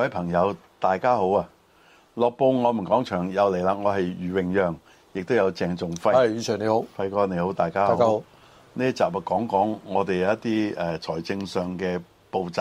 各位朋友，大家好啊！樂報我們講場又嚟啦，我係余榮讓，亦都有鄭仲輝。係，榮讓你好，輝哥你好，大家好。呢一集啊，講講我哋有一啲誒財政上嘅步驟，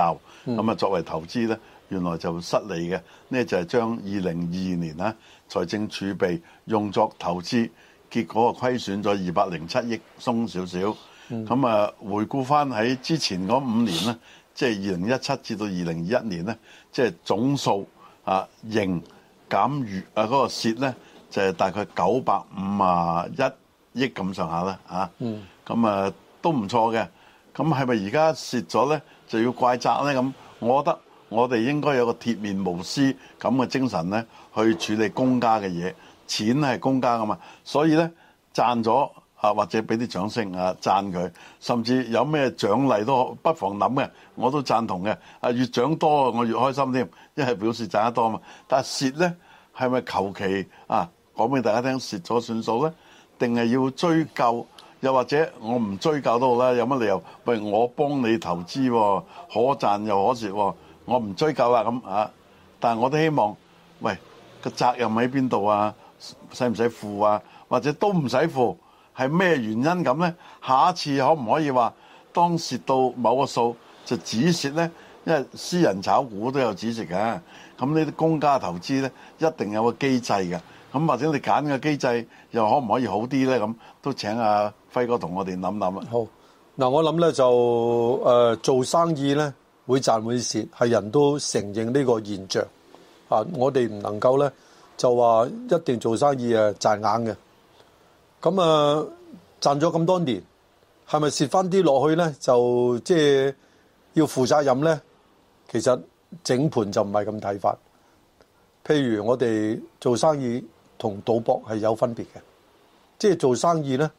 咁啊、嗯、作為投資呢，原來就失利嘅。呢就係將二零二二年呢財政儲備用作投資，結果啊虧損咗二百零七億，鬆少少。咁啊、嗯、回顧翻喺之前嗰五年呢。即係二零一七至到二零二一年咧，即係總數啊，盈減餘啊嗰個蝕咧，就係大概九百五啊一億咁上下啦，嚇。嗯。咁啊，啊、都唔錯嘅。咁係咪而家蝕咗咧，就要怪責咧？咁我覺得我哋應該有個鐵面無私咁嘅精神咧，去處理公家嘅嘢。錢係公家噶嘛，所以咧賺咗。啊，或者俾啲掌聲啊，讚佢，甚至有咩獎勵都不妨諗嘅，我都贊同嘅。啊，越獎多我越開心添，一係表示賺得多嘛。但係蝕呢，係咪求其啊？講俾大家聽，蝕咗算數呢？定係要追究？又或者我唔追究都好啦，有乜理由？喂，我幫你投資，可賺又可蝕，我唔追究啊咁啊！但我都希望，喂，個責任喺邊度啊？使唔使負啊？或者都唔使負。係咩原因咁呢？下一次可唔可以話當蝕到某個數就止蝕呢？因為私人炒股都有止蝕嘅，咁呢啲公家投資呢，一定有一個機制嘅，咁或者你揀個機制又可唔可以好啲呢？咁都請阿輝哥同我哋諗諗啊！好嗱，我諗呢就誒做生意呢，會賺會蝕，係人都承認呢個現象啊！我哋唔能夠呢，就話一定做生意誒賺硬嘅。咁啊，賺咗咁多年，係咪蝕翻啲落去咧？就即係、就是、要負責任咧。其實整盤就唔係咁睇法。譬如我哋做生意同賭博係有分別嘅，即、就、係、是、做生意咧，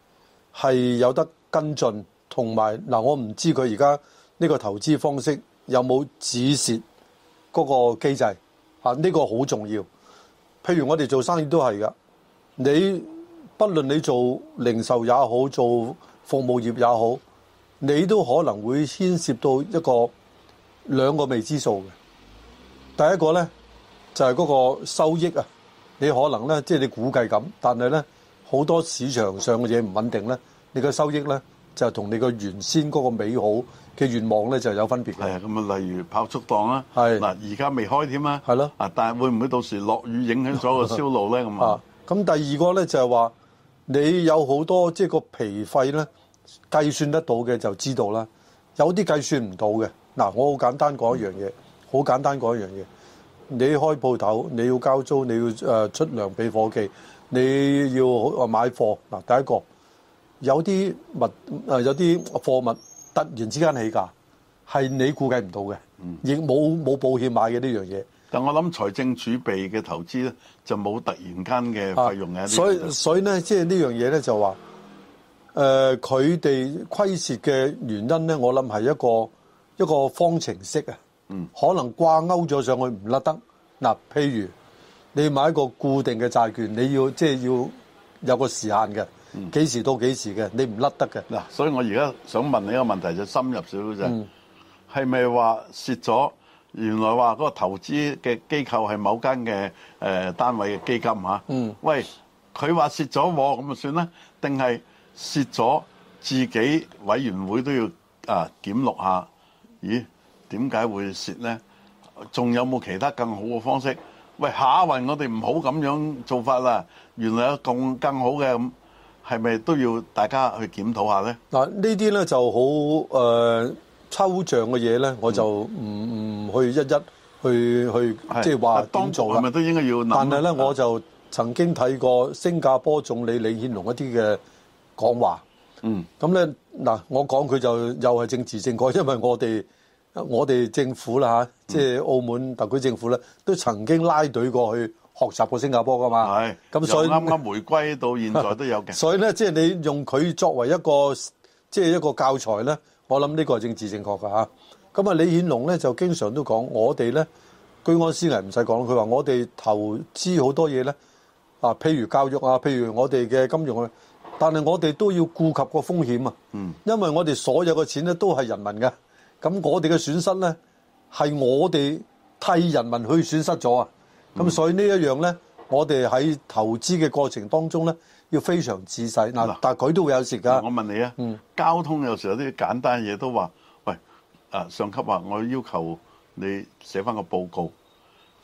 係有得跟進，同埋嗱，我唔知佢而家呢個投資方式有冇止蝕嗰個機制呢、呢個好重要。譬如我哋做生意都係噶，你。不論你做零售也好，做服務業也好，你都可能會牽涉到一個兩個未知數嘅。第一個咧就係、是、嗰個收益啊，你可能咧即係你估計咁，但係咧好多市場上嘅嘢唔穩定咧，你個收益咧就同你個原先嗰個美好嘅願望咧就有分別。係咁啊，例如炮竹檔啊，係嗱的，而家未開添啊，係咯的，啊，但係會唔會到時落雨影響咗個銷路咧？咁 啊，咁第二個咧就係、是、話。你有好多即係、就是、個皮費咧，計算得到嘅就知道啦。有啲計算唔到嘅，嗱，我好簡單講一樣嘢，好簡單講一樣嘢。你開鋪頭，你要交租，你要出糧俾伙記，你要誒買貨嗱。第一個有啲物有啲貨物突然之間起價，係你估計唔到嘅，亦冇冇保險買嘅呢樣嘢。這個但我諗財政儲備嘅投資咧，就冇突然間嘅費用嘅、啊。所以所以咧，即係呢樣嘢咧，就話、是、誒，佢哋虧蝕嘅原因咧，我諗係一個一個方程式啊。嗯，可能掛勾咗上去唔甩得嗱。譬如你買一個固定嘅債券，你要即係、就是、要有個時限嘅，幾、嗯、時到幾時嘅，你唔甩得嘅嗱。所以我而家想問你一個問題，就深入少少啫，係係咪話蝕咗？是原來話嗰個投資嘅機構係某間嘅誒、呃、單位嘅基金嚇，啊嗯、喂，佢話蝕咗我，咁就算啦，定係蝕咗自己委員會都要啊檢錄一下？咦，點解會蝕咧？仲有冇其他更好嘅方式？喂，下一位，我哋唔好咁樣做法啦！原來有更更好嘅。咁，係咪都要大家去檢討一下咧？嗱，呢啲咧就好誒。抽象嘅嘢咧，我就唔唔、嗯、去一一去是去即係話點做。係咪都應該要？但係咧，啊、我就曾經睇過新加坡總理李顯龍一啲嘅講話。嗯，咁咧嗱，我講佢就又係政治正確，因為我哋我哋政府啦、啊嗯、即係澳門特區政府咧，都曾經拉隊過去學習過新加坡噶嘛。係是，咁所以啱啱回歸到現在都有嘅。 所以咧，即係你用佢作為一個即係一個教材咧。我諗呢個係政治正確噶吓，咁啊李顯龍咧就經常都講，我哋咧居安思危唔使講，佢話我哋投資好多嘢咧啊，譬如教育啊，譬如我哋嘅金融啊，但係我哋都要顧及個風險啊，嗯，因為我哋所有嘅錢咧都係人民嘅，咁我哋嘅損失咧係我哋替人民去損失咗啊。咁所以呢一樣咧，我哋喺投資嘅過程當中咧。要非常仔細嗱，嗯、但佢都會有時㗎。我問你啊，嗯、交通有時候有啲簡單嘢都話，喂，上級話我要求你寫翻個報告。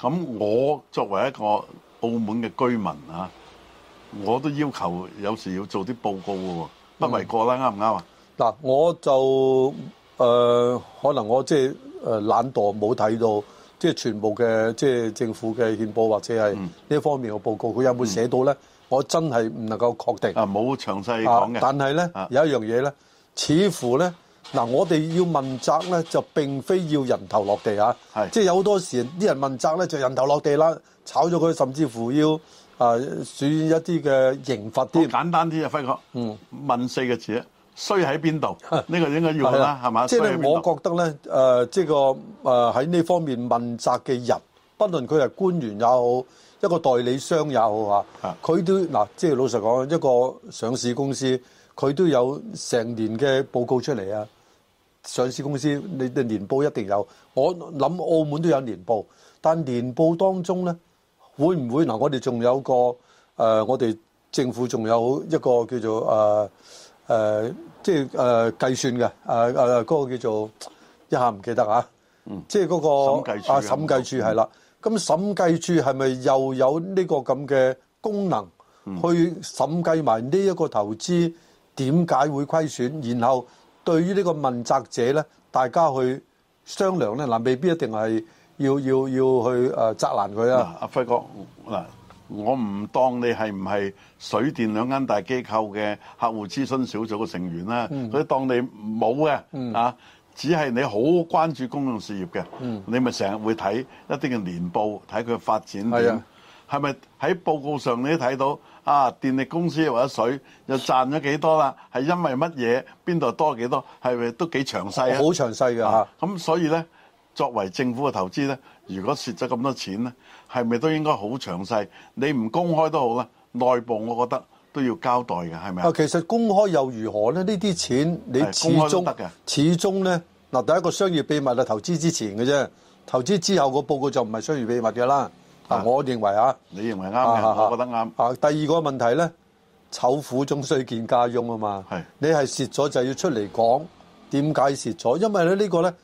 咁我作為一個澳門嘅居民啊，我都要求有時要做啲報告嘅喎，不為過啦，啱唔啱啊？嗱吧、嗯，我就誒、呃，可能我即係誒懶惰冇睇到，即、就、係、是、全部嘅即係政府嘅憲報或者係呢一方面嘅報告，佢、嗯、有冇寫到咧？嗯我真係唔能夠確定。啊，冇詳細講嘅。但係咧有一樣嘢咧，啊、似乎咧嗱，我哋要問責咧，就並非要人頭落地啊。是即係有好多時啲人問責咧就人頭落地啦，炒咗佢，甚至乎要啊選一啲嘅刑罰啲、啊、簡單啲啊輝哥。嗯，問四個字啊，衰喺邊度？呢個應該要啦、啊，係嘛吧？即係吧我覺得咧，誒、呃，即係個喺呢方面問責嘅人，不論佢係官員也好。一個代理商也好啊，佢都嗱，即係老實講，一個上市公司佢都有成年嘅報告出嚟啊。上市公司你哋年報一定有，我諗澳門都有年報，但年報當中咧，會唔會嗱？我哋仲有個誒、呃，我哋政府仲有一個叫做誒、呃呃、即係誒、呃、計算嘅誒誒，嗰、呃嗰個叫做一下唔記得嚇，啊嗯、即係、嗰、嗰個啊審計處係啦。咁審計處係咪又有呢個咁嘅功能去審計埋呢一個投資點解會虧損？然後對於呢個問責者呢，大家去商量呢，嗱未必一定係要要要去誒責難佢啊！阿輝哥，嗱，我唔當你係唔係水電兩間大機構嘅客戶諮詢小組嘅成員啦，佢當你冇嘅啊！只係你好關注公共事業嘅，嗯、你咪成日會睇一啲嘅年報，睇佢發展點，係咪喺報告上你都睇到啊？電力公司或者水又賺咗幾多啦？係因為乜嘢？邊度多幾多？係咪都幾詳細？好、啊、詳細㗎，咁、啊、所以咧，作為政府嘅投資咧，如果蝕咗咁多錢咧，係咪都應該好詳細？你唔公開都好啦，內部我覺得。都要交代嘅，係咪啊？其實公開又如何咧？呢啲錢你始終始終咧嗱，第一個商業秘密啊，投資之前嘅啫，投資之後個報告就唔係商業秘密嘅啦、啊啊。我認為啊，你認為啱嘅，啊、我覺得啱、啊。啊，第二個問題咧，醜婦終須見家翁啊嘛。係是，你係蝕咗就要出嚟講點解蝕咗？因為咧呢個咧，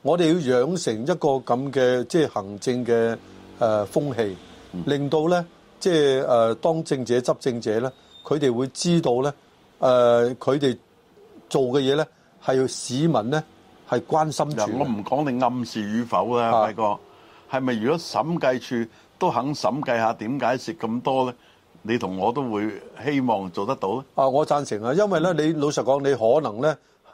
我哋要養成一個咁嘅即係行政嘅誒風氣，嗯、令到咧即係誒當政者執政者咧。佢哋會知道咧，誒、呃，佢哋做嘅嘢咧，係要市民咧係關心住。我唔講你暗示與否是啊，輝哥，係咪？如果審計處都肯審計下，點解蝕咁多咧？你同我都會希望做得到咧。啊，我贊成啊，因為咧，你老實講，你可能咧，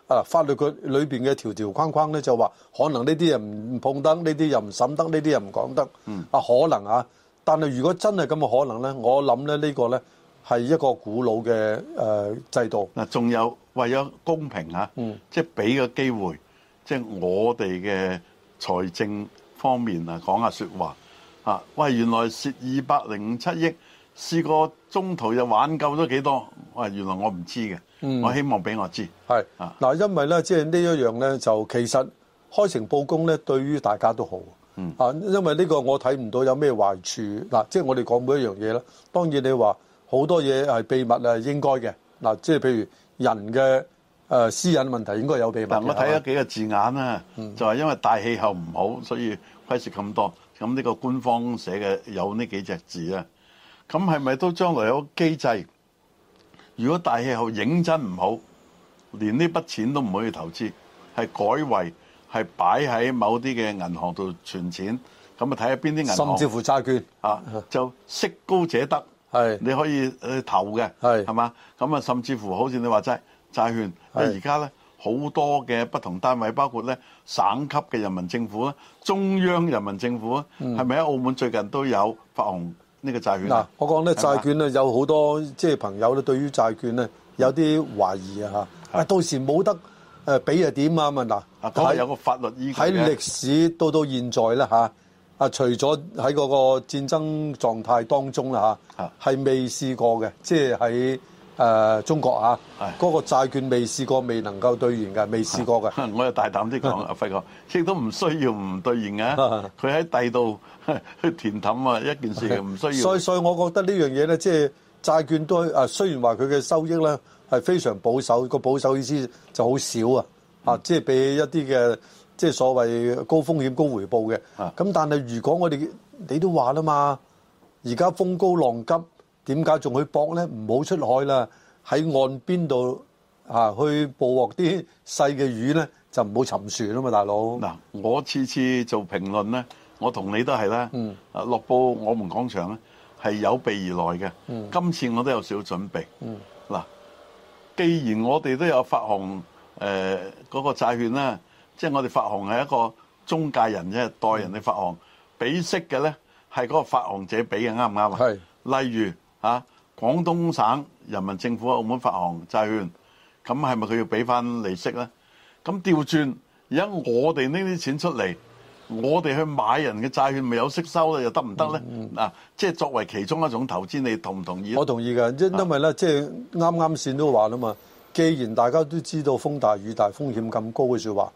啊，法律佢裏邊嘅條條框框咧，就話可能呢啲人唔碰得，呢啲又唔審得，呢啲又唔講得。啊，可能啊，但係如果真係咁嘅可能咧，我諗咧呢、呢個咧。係一個古老嘅誒制度嗱，仲有為咗公平啊，嗯、即係俾個機會，即係我哋嘅財政方面啊，講下説話啊。喂，原來蝕二百零七億，試過中途又挽救咗幾多？喂、啊，原來我唔知嘅，嗯、我希望俾我知係是啊。嗱，因為咧，即係呢一樣咧，就其實開誠佈公咧，對於大家都好、嗯、啊。因為呢個我睇唔到有咩壞處嗱、啊，即係我哋講每一樣嘢啦。當然你話。好多嘢係秘密啊，應該嘅嗱，即係譬如人嘅誒私隱問題應該有秘密。我睇咗幾個字眼啦，吧嗯、就係因為大氣候唔好，所以虧蝕咁多。咁呢個官方寫嘅有呢幾隻字啊。咁係咪都將來有個機制？如果大氣候認真唔好，連呢筆錢都唔可以投資，係改為係擺喺某啲嘅銀行度存錢。咁啊，睇下邊啲銀行甚至乎債券啊，就息高者得。係，是你可以投嘅，係是，係嘛？咁啊，甚至乎好似你話齋債券，而家咧好多嘅不同單位，包括咧省級嘅人民政府，中央人民政府啊，係咪喺澳門最近都有發行呢個債券嗱，我講咧債券咧吧有好多即係、就是、朋友咧對於債券咧有啲懷疑啊，啊是到時冇得誒俾，呃、啊點啊嘛嗱，都係有個法律依據嘅，喺歷史到到現在呢。啊啊！除咗喺嗰個戰爭狀態當中啦嚇，係未試過嘅，即係喺誒中國啊，嗰是的 個債券未試過未能夠兌現嘅，未試過嘅。我又大膽啲講 啊，輝哥，亦都唔需要唔兌現嘅，佢喺第度去填氹啊，一件事唔的需要。所所以，所以我覺得呢樣嘢咧，即係債券都誒，雖然話佢嘅收益咧係非常保守，個保守意思就好少啊，啊，即係俾一啲嘅。即係所謂高風險高回報嘅，咁但係如果我哋你都話啦嘛，而家風高浪急，點解仲去搏咧？唔好出海啦，喺岸邊度啊，去捕獲啲細嘅魚咧，就唔好沉船啊嘛，大佬。嗱、啊，我次次做評論咧，我同你都係啦，啊、嗯，落報我們廣場咧係有備而來嘅，嗯、今次我都有少少準備。嗱、嗯啊，既然我哋都有發行誒嗰、呃那個債券啦。即係我哋發行係一個中介人啫，代人哋發行，俾息嘅咧係嗰個發行者俾嘅，啱唔啱啊？係。例如啊，廣東省人民政府喺澳門發行債券，咁係咪佢要俾翻利息咧？咁調轉，而家我哋拎啲錢出嚟，我哋去買人嘅債券，咪有息收咧？又得唔得咧？嗱、嗯嗯啊，即係作為其中一種投資，你同唔同意咧？我同意㗎，即係因為咧，即係啱啱先都話啦嘛，既然大家都知道風大雨大風險咁高嘅説話。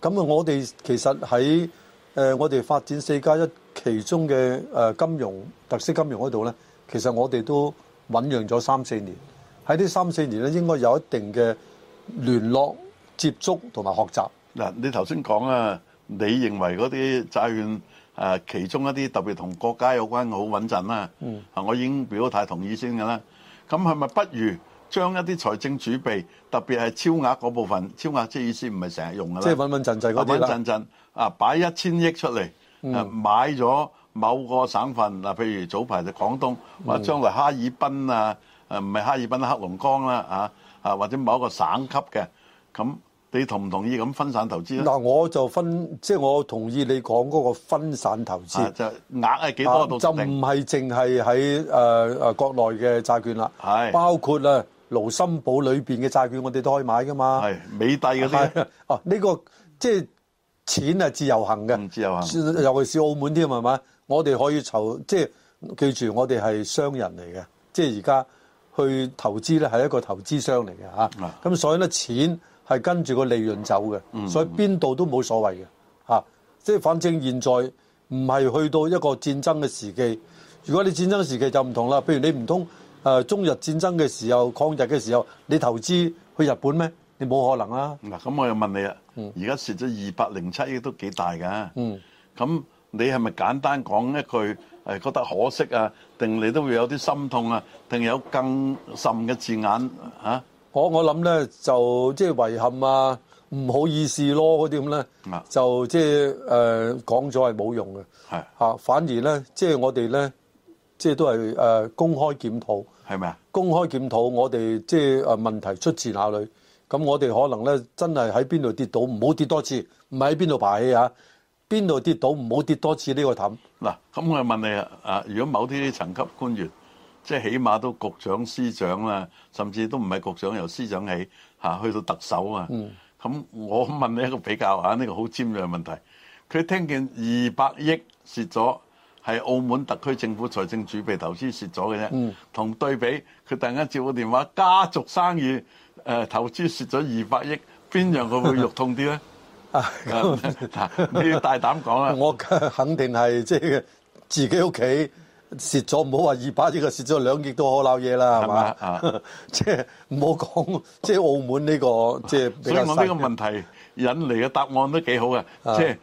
咁啊！我哋其實喺誒我哋發展四加一其中嘅誒金融特色金融嗰度咧，其實我哋都醖釀咗三四年在這。喺呢三四年咧，應該有一定嘅聯絡接觸同埋學習。嗱，你頭先講啊，你認為嗰啲債券誒其中一啲特別同國家有關好穩陣啦。嗯。啊，我已經表態同意先㗎啦。咁係咪不如？將一啲財政儲備，特別係超額嗰部分，超額即係意思唔係成日用㗎啦。即係穩穩陣陣嗰啲啦。穩穩陣陣啊！擺一千億出嚟，誒買咗某個省份，譬如早排就廣東，或者將來哈爾濱啊，唔係哈爾濱、啊、黑龍江啦，啊啊或者某一個省級嘅，咁你同唔同意咁分散投資？嗱，我就分，即係我同意你講嗰個分散投資、啊就，即係額係幾多度？就唔係淨係喺誒誒國內嘅債券啦，係包括啦、啊盧森堡裏邊嘅債券我哋都可以買噶嘛？係美帝㗎啲哦，呢個即係錢係自由行嘅，自由行，尤其是澳門添係嘛？我哋可以籌，即係記住我哋係商人嚟嘅，即係而家去投資咧係一個投資商嚟嘅吓。咁所以咧，錢係跟住個利潤走嘅，所以邊度都冇所謂嘅吓。即係反正現在唔係去到一個戰爭嘅時期，如果你戰爭時期就唔同啦。譬如你唔通。誒中日戰爭嘅時候，抗日嘅時候，你投資去日本咩？你冇可能啊！嗱，咁我又問你啊，而家蝕咗二百零七億都幾大噶？咁、嗯、你係咪簡單講一句誒覺得可惜啊？定你都會有啲心痛啊？定有更甚嘅字眼嚇、啊？我我諗咧就即係、就係、遺憾啊，唔好意思咯嗰啲咁咧，就即係誒講咗係冇用嘅，係。反而咧即係我哋咧。即係都係誒公開檢討係咪啊？公開檢討，我哋即係誒問題出自哪裡？我們可能真的在哪裡？咁我哋可能咧真係喺邊度跌倒，唔好跌多次。唔係喺邊度爬起啊？邊度跌倒，唔好跌多次呢個氹。嗱，咁我問你啊，啊，如果某啲層級官員，即係起碼都局長、司長啦，甚至都唔係局長由司長起嚇，去到特首啊，咁、嗯、我問你一個比較啊，呢、這個好尖銳嘅問題。佢聽見二百億蝕咗。係澳門特區政府財政儲備投資蝕咗嘅啫，同對比佢突然間接我電話家族生意、呃、投資蝕咗二百億，邊樣佢會肉痛啲咧？你要大膽講啦、啊！我肯定係即係自己屋企蝕咗，唔好話二百億嘅蝕咗兩億都可撈嘢啦，係嘛吧、啊？ 即係唔好講，即係澳門呢、這個 即係比較。所以呢個問題。引嚟嘅答案都幾好嘅，是啊、即係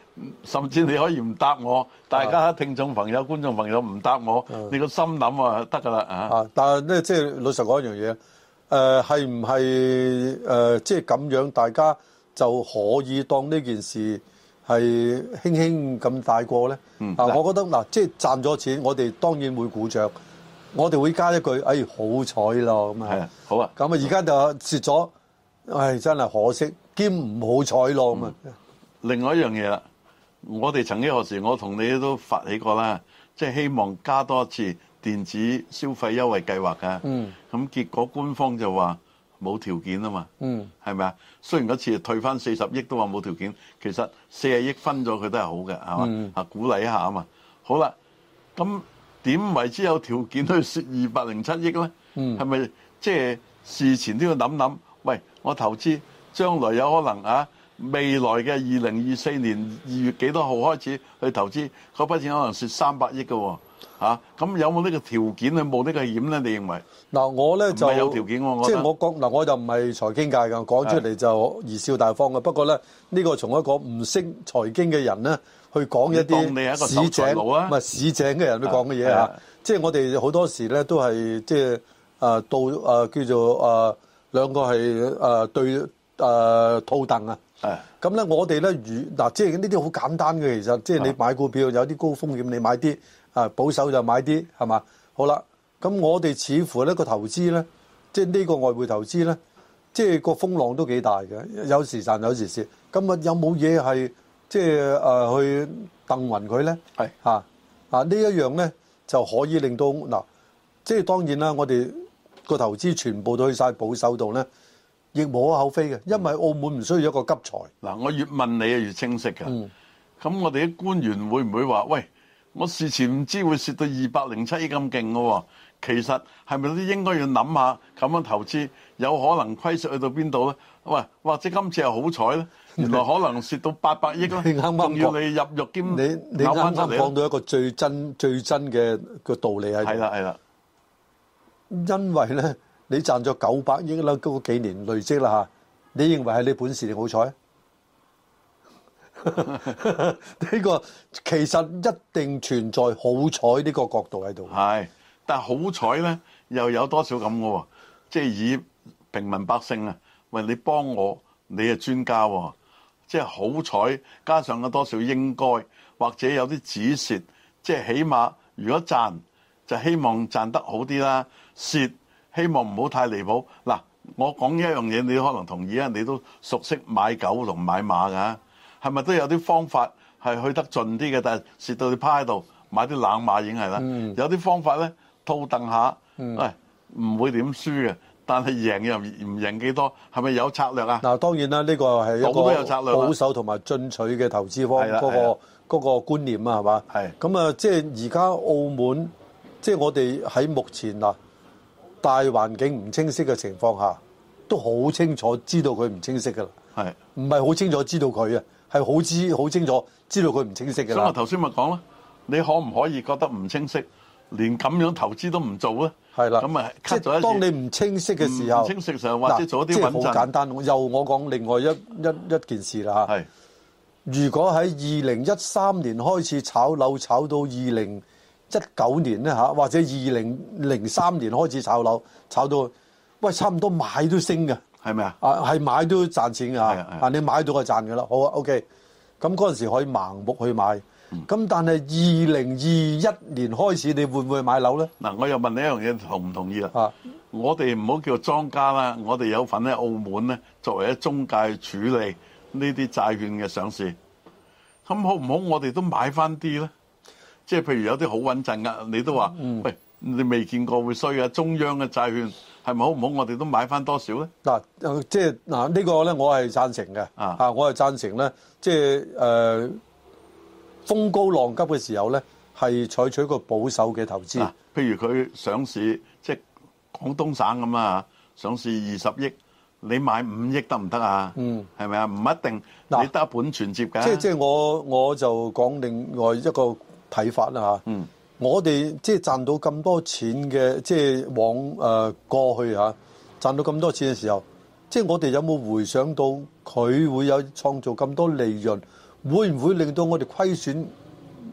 甚至你可以唔答我，啊、大家聽眾朋友、啊、觀眾朋友唔答我，啊、你個心諗啊得㗎啦啊！但係咧即係老實講一、呃係唔係呃、樣嘢，誒係唔係誒即係咁樣，大家就可以當呢件事係輕輕咁帶過咧？嗱、啊啊，我覺得嗱、啊，即係賺咗錢，我哋當然會鼓掌，我哋會加一句，誒好彩咯咁啊！係啊，好啊！咁啊，而家就蝕咗，唉，真係可惜。兼唔好彩浪啊、嗯！另外一樣嘢啦，我哋曾幾何時我同你都發起過啦，即係希望加多一次電子消費優惠計劃㗎。嗯，咁結果官方就話冇條件啊嘛。嗯，係咪啊？雖然嗰次退翻四十億都話冇條件，其實四十億分咗佢都係好嘅，係嘛啊？嗯、鼓勵一下啊嘛。好啦，咁點為之有條件去蝕二百零七億咧？嗯，係咪即係事前都要諗諗？喂，我投資。將來有可能啊，未來嘅二零二四年二月幾多號開始去投資，嗰筆錢可能蝕三百億嘅喎，咁、啊、有冇呢個條件咧？冇呢個險咧？你認為嗱？我咧就係有條件喎，我即係我覺嗱，我就唔係財經界嘅，講出嚟就貽笑大方嘅。的不過咧，呢、呢個從一個唔識財經嘅人咧，去講一啲市井唔係市井嘅人都講嘅嘢嚇。即係我哋好多時咧都係即係啊到啊叫做啊兩個係啊對。誒、呃、套凳啊！咁咧的，我哋咧如嗱，即係呢啲好簡單嘅，其實即係你買股票有啲高風險，你買啲啊保守就買啲，係嘛？好啦，咁我哋似乎咧個投資咧，即係呢個外匯投資咧，即係個風浪都幾大嘅，有時賺有時蝕。咁啊，有冇嘢係即係誒去掟勻佢咧？係嚇啊！呢一樣咧就可以令到嗱，即係當然啦，我哋個投資全部都去晒保守度咧。亦無可厚非嘅，因為澳門唔需要一個急財。嗱，我越問你啊，越清晰嘅。咁我哋啲官員會唔會話：喂，我事前唔知會蝕到二百零七億咁勁嘅喎？其實係咪都應該要諗下咁樣投資有可能虧蝕去到邊度咧？喂，或者今次係好彩咧？原來可能蝕到八百億囉。仲要你入肉兼，你你啱啱講到一個最真最真嘅個道理喺度。係啦，係啦，因為咧。你賺咗九百億啦，嗰個幾年累積啦嚇。你認為係你本事定好彩？呢 個其實一定存在好彩呢個角度喺度。係，但係好彩咧又有多少咁嘅喎？即係以平民百姓啊，喂，你幫我，你係專家喎。即係好彩，加上嘅多少應該或者有啲止蝕，即係起碼如果賺就希望賺得好啲啦，蝕希望唔好太離譜嗱，我講一樣嘢，你可能同意啊。你都熟悉買狗同買馬噶，係咪都有啲方法係去得盡啲嘅？但係蝕到你趴喺度買啲冷馬已經係啦。嗯、有啲方法咧，套凳下，哎、唔會點輸嘅，但係贏又唔贏幾多？係咪有策略啊？嗱，當然啦，呢、呢個係有策略，保守同埋進取嘅投資方嗰的、嗰個嗰的個觀念啊，係嘛？係的。咁啊，即係而家澳門，即係我哋喺目前嗱。大環境唔清晰嘅情況下，都好清楚知道佢唔清晰噶啦。係，唔係好清楚知道佢啊？係好知好清楚知道佢唔清晰嘅。咁我頭先咪講咯，你可唔可以覺得唔清晰，連咁樣投資都唔做咧？係啦的，咁咪即係當你唔清晰嘅時候，唔清晰上或者做啲穩陣。即係好簡單。又我講另外一一一件事啦吓。的如果喺二零一三年開始炒樓，炒到二零一九年咧嚇，或者二零零三年開始炒樓，炒到喂，差唔多買都升嘅，係咪啊？啊，係買都賺錢嘅啊！啊，的你買到就賺嘅啦。好啊，OK。咁嗰陣時可以盲目去買，咁但係二零二一年開始，你會唔會買樓咧？嗱、嗯，我又問你一樣嘢，同唔同意啊？啊，我哋唔好叫莊家啦，我哋有份喺，澳門咧作為一中介處理呢啲債券嘅上市，咁好唔好？我哋都買翻啲咧。即係譬如有啲好穩陣㗎，你都話，喂，你未見過會衰嘅中央嘅債券係咪好唔好？我哋都買翻多少咧？嗱、啊呃，即嗱呢、呢個咧，我係贊成嘅。啊，我係贊成咧，即係誒、呃、風高浪急嘅時候咧，係採取一個保守嘅投資。啊、譬如佢上市，即係廣東省咁啊，上市二十億，你買五億得唔得啊？嗯，係咪啊？唔一定，啊、你得本存摺㗎、啊啊。即即係我我就講另外一個睇法啦、啊、嚇，嗯、我哋即係賺到咁多錢嘅，即、就、係、是、往誒、呃、過去吓、啊、賺到咁多錢嘅時候，即、就、係、是、我哋有冇回想到佢會有創造咁多利潤，會唔會令到我哋虧損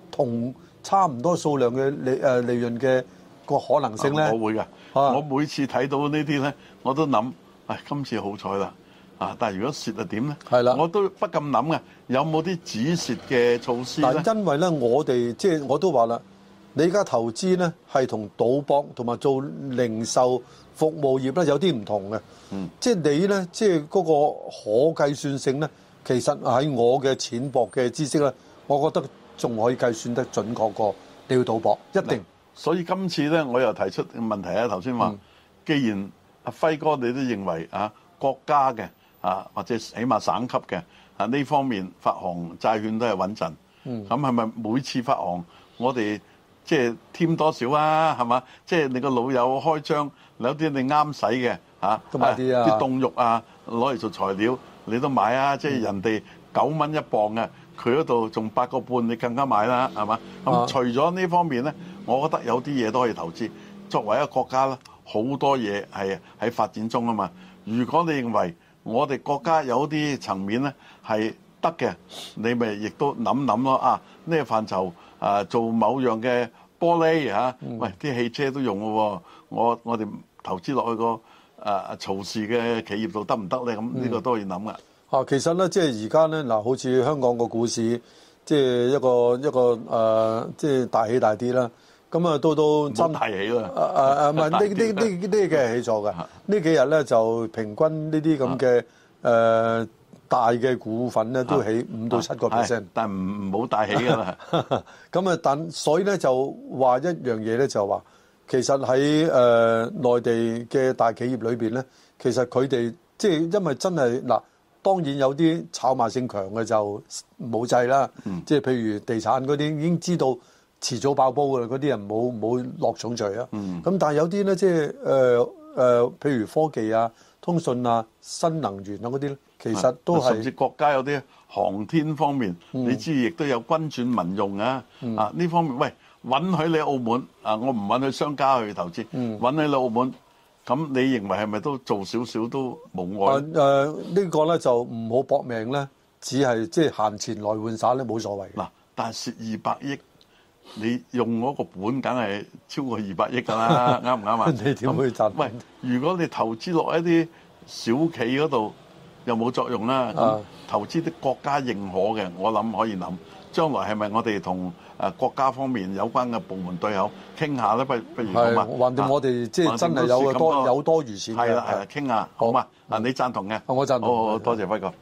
同差唔多數量嘅利誒利潤嘅個可能性咧？我會噶，啊、我每次睇到這些呢啲咧，我都諗：唉，今次好彩啦。啊！但係如果蝕就點咧？係啦，我都不禁諗嘅，有冇啲止蝕嘅措施呢？但係因為咧，我哋即係我都話啦，你而家投資咧係同賭博同埋做零售服務業咧有啲唔同嘅。嗯，即係你咧，即係嗰個可計算性咧，其實喺我嘅淺薄嘅知識咧，我覺得仲可以計算得準確過你要賭博，一定。所以今次咧，我又提出問題啊，頭先話，嗯、既然阿輝哥你都認為啊，國家嘅。啊，或者起碼省級嘅啊，呢方面發行債券都係穩陣。咁係咪每次發行我哋即係添多少啊？係嘛，即係你個老友開張有啲你啱使嘅嚇，都買啲啊！啲凍、啊啊、肉啊，攞嚟、啊、做材料你都買啊！即係、嗯、人哋九蚊一磅啊，佢嗰度仲八個半，你更加買啦、啊，係嘛？咁、啊啊、除咗呢方面咧，我覺得有啲嘢都可以投資。作為一個國家咧，好多嘢係喺發展中啊嘛。如果你認為，我哋國家有啲層面咧係得嘅，你咪亦都諗諗咯啊，啊！咩範疇啊做某樣嘅玻璃嚇？喂，啲汽車都用嘅喎，我我哋投資落去個啊啊曹氏嘅企業度得唔得咧？咁呢個都要諗噶。啊，其實咧，即係而家咧，嗱，好似香港個股市，即係一個一個誒，即係大起大跌啦。咁啊，到到真大起啦。啊啊啊！唔係呢呢呢呢幾日起咗㗎。呢幾日咧就平均呢啲咁嘅誒大嘅股份咧是都起五到七個 percent。但唔唔好大起㗎啦。咁啊， 但所以咧就話一樣嘢咧，就話其實喺誒內地嘅大企業裏面咧，其實佢哋即係因為真係嗱，當然有啲炒賣性強嘅就冇制啦。嗯、即係譬如地產嗰啲已經知道。遲早爆煲㗎啦！嗰啲人冇冇落重罪啊？咁、嗯、但係有啲咧，即係誒誒，譬如科技啊、通訊啊、新能源啊嗰啲咧，其實都係、嗯嗯、甚至國家有啲航天方面，你知亦都有軍轉民用啊啊！呢方面喂，允許你喺澳門啊，我唔允許商家去投資，嗯、允許你喺澳門咁，你認為係咪都做少少都冇礙？誒、嗯呃這個、呢個咧就唔好搏命咧，只係即係閒錢來換耍咧，冇所謂。嗱，但係蝕二百億。你用嗰個本，梗係超過二百億㗎啦，啱唔啱啊？咁你點去賺？喂，如果你投資落一啲小企嗰度，又冇作用啦。投資啲國家認可嘅，我諗可以諗。將來係咪我哋同誒國家方面有關嘅部門對口傾下咧？不不如咁啊？橫掂我哋即係真係有多有多餘錢。係啦係啦，傾下好嘛？嗱，你贊同嘅。我贊同。多謝輝哥。